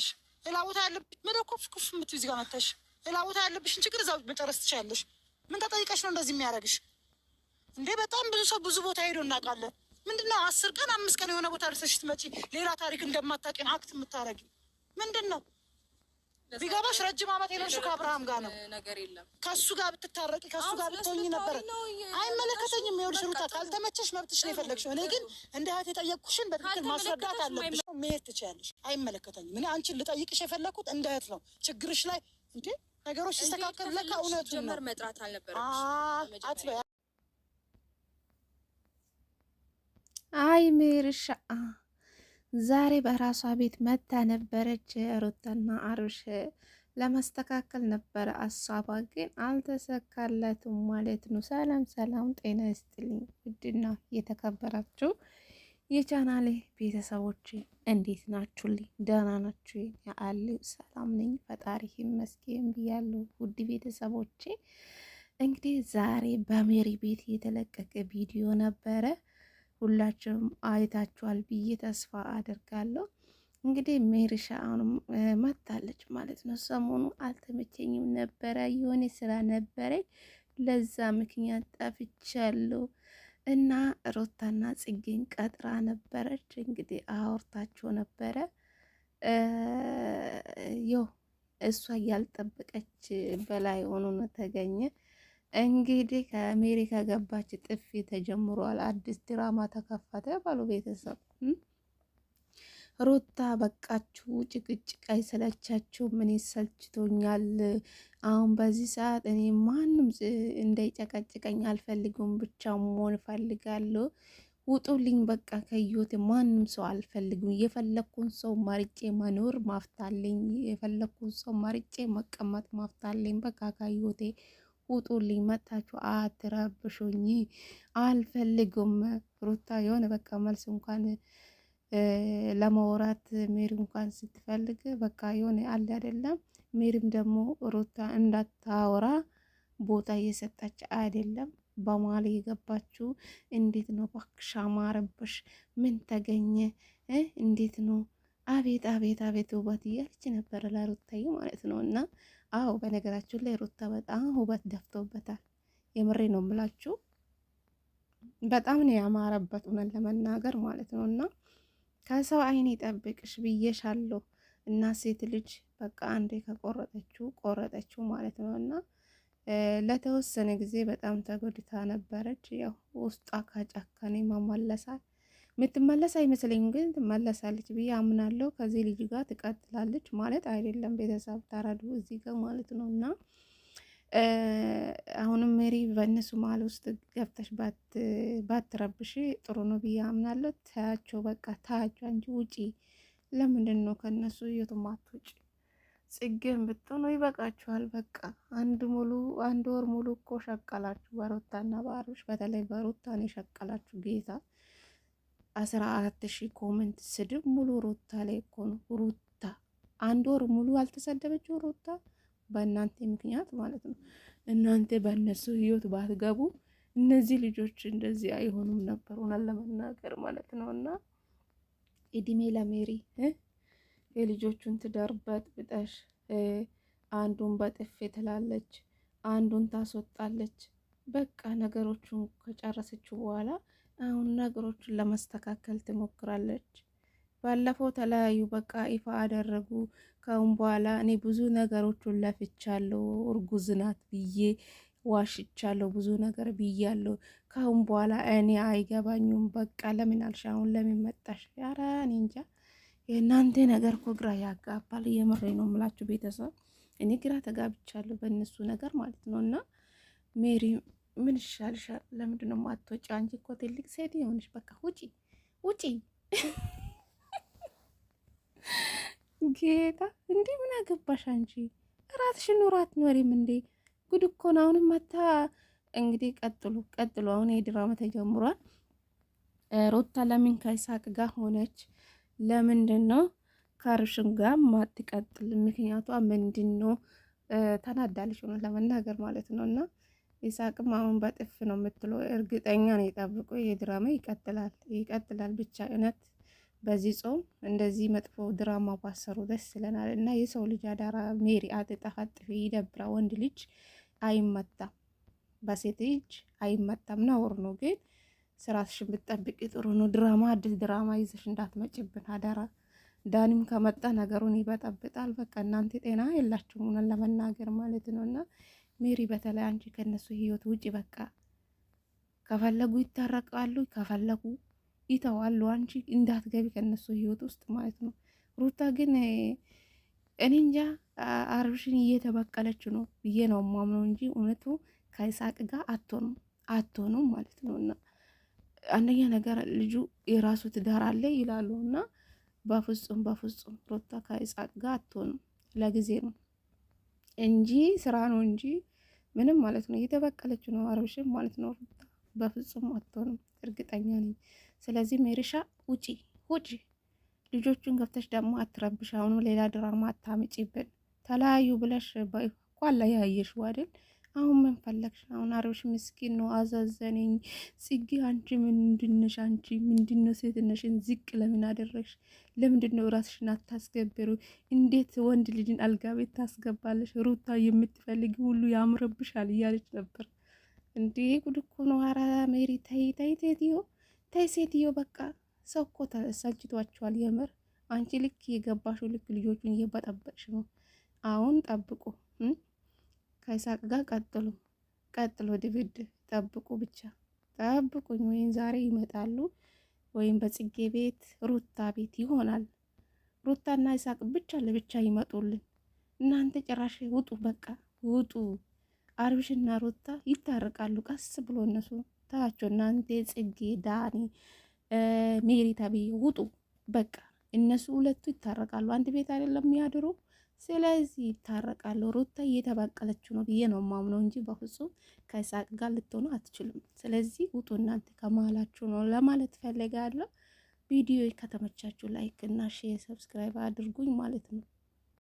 ትችላለሽ። ሌላ ቦታ ያለብሽ መደኮብ ኩፍ ምት እዚህ ጋር መተሽ ሌላ ቦታ ያለብሽን ችግር እዛው መጨረስ ትችላለሽ። ምን ተጠይቀሽ ነው እንደዚህ የሚያደርግሽ እንዴ? በጣም ብዙ ሰው ብዙ ቦታ ሄዶ እናውቃለን። ምንድነው አስር ቀን አምስት ቀን የሆነ ቦታ ደርሰሽ ትመጪ ሌላ ታሪክ እንደማታውቂን አክት የምታደርጊ ምንድን ነው? ቢገባሽ ረጅም ዓመት የለሹ ከአብርሃም ጋር ነው ነገር የለም። ከሱ ጋር ብትታረቂ ከሱ ጋር ብትሆኝ ነበር። አይመለከተኝም። ይኸውልሽ ሩታ ካልተመቸሽ መብትሽ ነው የፈለግሽው። እኔ ግን እንደ እህት የጠየቅኩሽን በትክክል ማስረዳት አለብሽ። መሄድ ትችያለሽ። አይመለከተኝም። እኔ አንቺን ልጠይቅሽ የፈለግኩት እንደ እህት ነው። ችግርሽ ላይ እንዴ ነገሮች ሲስተካከሉ ለካ እውነቱ ጀመር መጥራት አልነበረ አይ ሜርሻ ዛሬ በራሷ ቤት መታ ነበረች። ሩታና አብርሽ ለማስተካከል ነበረ አሳቧ፣ ግን አልተሰካለትም ማለት ነው። ሰላም ሰላም፣ ጤና ይስጥልኝ ውድና የተከበራችሁ የቻናሌ ቤተሰቦች እንዴት ናችሁልኝ? ደህና ናችሁ? ያአሉ ሰላም ነኝ፣ ፈጣሪ ይመስገን ብያለሁ። ውድ ቤተሰቦቼ እንግዲህ ዛሬ በሜሪ ቤት የተለቀቀ ቪዲዮ ነበረ። ሁላችሁም አይታችኋል ብዬ ተስፋ አድርጋለሁ። እንግዲህ ሜርሻ አሁንም መታለች ማለት ነው። ሰሞኑ አልተመቸኝም ነበረ፣ የሆነ ስራ ነበረኝ፣ ለዛ ምክንያት ጠፍቻለሁ እና ሮታና ጽጌን ቀጥራ ነበረች። እንግዲህ አወርታቸው ነበረ ያው እሷ ያልጠበቀች በላይ ሆኖ ነው ተገኘ። እንግዲህ ከአሜሪካ ገባች ጥፊ ተጀምሯል። አዲስ ድራማ ተከፈተ ባሉ ቤተሰብ ሩታ በቃችሁ፣ ጭቅጭቅ አይሰለቻችሁ? ምን ይሰልችቶኛል አሁን በዚህ ሰዓት እኔ ማንም እንዳይጨቀጭቀኝ አልፈልጉም፣ ብቻ መሆን እፈልጋለሁ። ውጡልኝ በቃ ከዮት ማንም ሰው አልፈልጉም። የፈለግኩን ሰው ማርጬ መኖር ማፍታለኝ፣ የፈለግኩን ሰው ማርጬ መቀመጥ ማፍታለኝ። በቃ ከዮቴ ውጡልኝ፣ መታችሁ አትረብሹኝ፣ አልፈልግም። ሩታ የሆነ በቃ መልስ እንኳን ለማውራት ሜሪ እንኳን ስትፈልግ በቃ የሆነ አለ አይደለም። ሜሪም ደግሞ ሩታ እንዳታወራ ቦታ እየሰጣች አይደለም። በማል የገባችው እንዴት ነው? ባክሻ አማረብሽ፣ ምን ተገኘ? እንዴት ነው አቤት አቤት አቤት ውበት እያለች ነበረ ለሩታዬ ማለት ነው። እና አዎ በነገራችን ላይ ሩታ በጣም ውበት ደፍቶበታል። የምሬ ነው ምላችሁ፣ በጣም ነው ያማረበት እውነት ለመናገር ማለት ነው። እና ከሰው አይን ይጠብቅሽ ብዬሻለሁ። እና ሴት ልጅ በቃ አንዴ ከቆረጠችው ቆረጠችው ማለት ነው። እና ለተወሰነ ጊዜ በጣም ተጎድታ ነበረች። ያው ውስጧ ከጨከኔ መመለሳል የምትመለስ አይመስለኝም፣ ግን ትመለሳለች ብዬ አምናለሁ። ከዚህ ልጅ ጋር ትቀጥላለች ማለት አይደለም። ቤተሰብ ታረዱ እዚህ ጋር ማለት ነው እና አሁንም ሜሪ በእነሱ መሀል ውስጥ ገብተሽ ባትረብሽ ጥሩ ነው ብዬ አምናለሁ። ታያቸው፣ በቃ ታያቸው። እንጂ ውጪ። ለምንድን ነው ከእነሱ እየቱም አትውጪ? ጽጌን ብትሆኑ ይበቃችኋል። በቃ አንድ ሙሉ አንድ ወር ሙሉ እኮ ሸቀላችሁ በሩታና በአብርሽ በተለይ በሩታን የሸቀላችሁ ጌታ አስራ አራት ሺህ ኮመንት ስድብ ሙሉ ሩታ ላይ እኮ ነው። ሩታ አንድ ወር ሙሉ አልተሰደበችው ሩታ በእናንተ ምክንያት ማለት ነው። እናንተ በእነሱ ህይወት ባትገቡ እነዚህ ልጆች እንደዚህ አይሆኑም ነበር፣ ሆናል ለመናገር ማለት ነው። እና እድሜ ለሜሪ የልጆቹን ትዳር በጥብጠሽ፣ አንዱን በጥፌ ትላለች፣ አንዱን ታስወጣለች። በቃ ነገሮቹን ከጨረሰችው በኋላ አሁን ነገሮችን ለማስተካከል ትሞክራለች። ባለፈው ተለያዩ፣ በቃ ይፋ አደረጉ። ከአሁን በኋላ እኔ ብዙ ነገሮችን ለፍቻለሁ፣ እርጉዝ ናት ብዬ ዋሽቻለሁ፣ ብዙ ነገር ብያለሁ። ከአሁን በኋላ እኔ አይገባኝም። በቃ ለምን አልሽ? አሁን ለምን መጣሽ? ኧረ እኔ እንጃ። የእናንተ ነገር እኮ ግራ ያጋባል። የምሬ ነው የምላችሁ ቤተሰብ፣ እኔ ግራ ተጋብቻለሁ በእነሱ ነገር ማለት ነው እና ሜሪ ምን ይሻልሻል? ለምንድን ነው የማትወጪ? አንቺ እኮ ትልቅ ሴት የሆንሽ፣ በቃ ውጪ ውጪ። ጌታ እንዴ ምን አገባሽ አንቺ? ራትሽን ኑሮ ኖሪም እንዴ? ጉድ እኮ ነው። አሁንም መታ እንግዲህ ቀጥሉ ቀጥሉ። አሁን የድራማ ተጀምሯል። ሩታ ለምን ከይሳቅ ጋር ሆነች? ለምንድን ነው ከአብርሽም ጋር ማትቀጥል? ምክንያቷ ምንድን ነው? ተናዳለች ሆነ ለመናገር ማለት ነው እና ይሳቅም አሁን በጥፍ ነው የምትለው። እርግጠኛ ነው የጠብቆ ይሄ ድራማ ይቀጥላል ይቀጥላል። ብቻ እውነት በዚህ ጾም እንደዚህ መጥፎ ድራማ ባሰሩ ደስ ይለናል። እና የሰው ልጅ አዳራ ሜሪ አትጠፋጥፊ፣ ይደብራ። ወንድ ልጅ አይመታም፣ በሴት ልጅ አይመታም። ነውር ነው ግን ስራትሽን ብትጠብቂ ጥሩ ነው። ድራማ አዲስ ድራማ ይዘሽ እንዳትመጭብን አዳራ። ዳኒም ከመጣ ነገሩን ይበጠብጣል። በቃ እናንተ ጤና የላችሁም ለመናገር ማለት ነው እና ሜሪ በተለይ አንቺ ከነሱ ህይወት ውጭ በቃ ከፈለጉ ይታረቃሉ፣ ከፈለጉ ይተዋሉ። አንቺ እንዳትገቢ ከነሱ ህይወት ውስጥ ማለት ነው። ሩታ ግን እኔ እንጃ አብርሽን እየተበቀለች ነው ብዬ ነው ማምነው እንጂ እውነቱ ከይሳቅ ጋር አትሆኑ አትሆኑ ማለት ነው። እና አንደኛ ነገር ልጁ የራሱ ትዳር አለ ይላሉ እና በፍጹም በፍጹም ሩታ ከይሳቅ ጋር አትሆኑ ለጊዜ ነው እንጂ ስራ ነው እንጂ ምንም ማለት ነው እየተበቀለችው ነው አብርሽን ማለት ነው። በፍጹም አትሆንም እርግጠኛ ነኝ። ስለዚህ ሜሪሻ ውጪ ውጪ፣ ልጆቹን ገብተሽ ደግሞ አትረብሽ። አሁኑ ሌላ ድራማ አታምጪብን። ተለያዩ ብለሽ እንኳን ለያየሽው አይደል አሁን ምን ፈለግሽ? አሁን አብርሽ ምስኪን ነው፣ አዛዘነኝ። ጽጌ አንቺ ምንድነሽ? አንቺ ምንድነው? ሴትነሽን ዝቅ ለምን አደረግሽ? ለምንድነው ራስሽን አታስከብሩ? እንዴት ወንድ ልጅን አልጋ ቤት ታስገባለሽ? ሩታ የምትፈልጊ ሁሉ ያምርብሻል እያለች ነበር። እንዴ ጉድ እኮ ነው። ኧረ ሜሪ ተይ ተይ፣ ሴትዮ ተይ፣ ሴትዮ በቃ ሰው እኮ የምር አንቺ ልክ የገባሽው ልክ ልጆቹን እየበጠበቅሽ ነው። አሁን ጠብቁ ከእሳቅ ጋር ቀጥሎ ቀጥሎ ድብድብ ጠብቁ፣ ብቻ ጠብቁኝ። ወይም ዛሬ ይመጣሉ ወይም በጽጌ ቤት ሩታ ቤት ይሆናል። ሩታና ይሳቅ ብቻ ለብቻ ይመጡልን። እናንተ ጭራሽ ውጡ፣ በቃ ውጡ። አብርሽና ሩታ ይታረቃሉ። ቀስ ብሎ እነሱ ታቸው። እናንተ ጽጌ፣ ዳኒ፣ ሜሪ ተብዬ ውጡ፣ በቃ እነሱ ሁለቱ ይታረቃሉ። አንድ ቤት አይደለም የሚያድሩ ስለዚህ ይታረቃሉ። ሩታ እየተባቀለችው ነው ብዬ ነው ማምነው እንጂ በፍጹም ከይሳቅ ጋር ልትሆኑ አትችሉም። ስለዚህ ውጡ እናንተ ከመሀላችሁ ነው ለማለት ፈልጋለሁ። ቪዲዮ ከተመቻችሁ ላይክ እና ሼር ሰብስክራይብ አድርጉኝ ማለት ነው።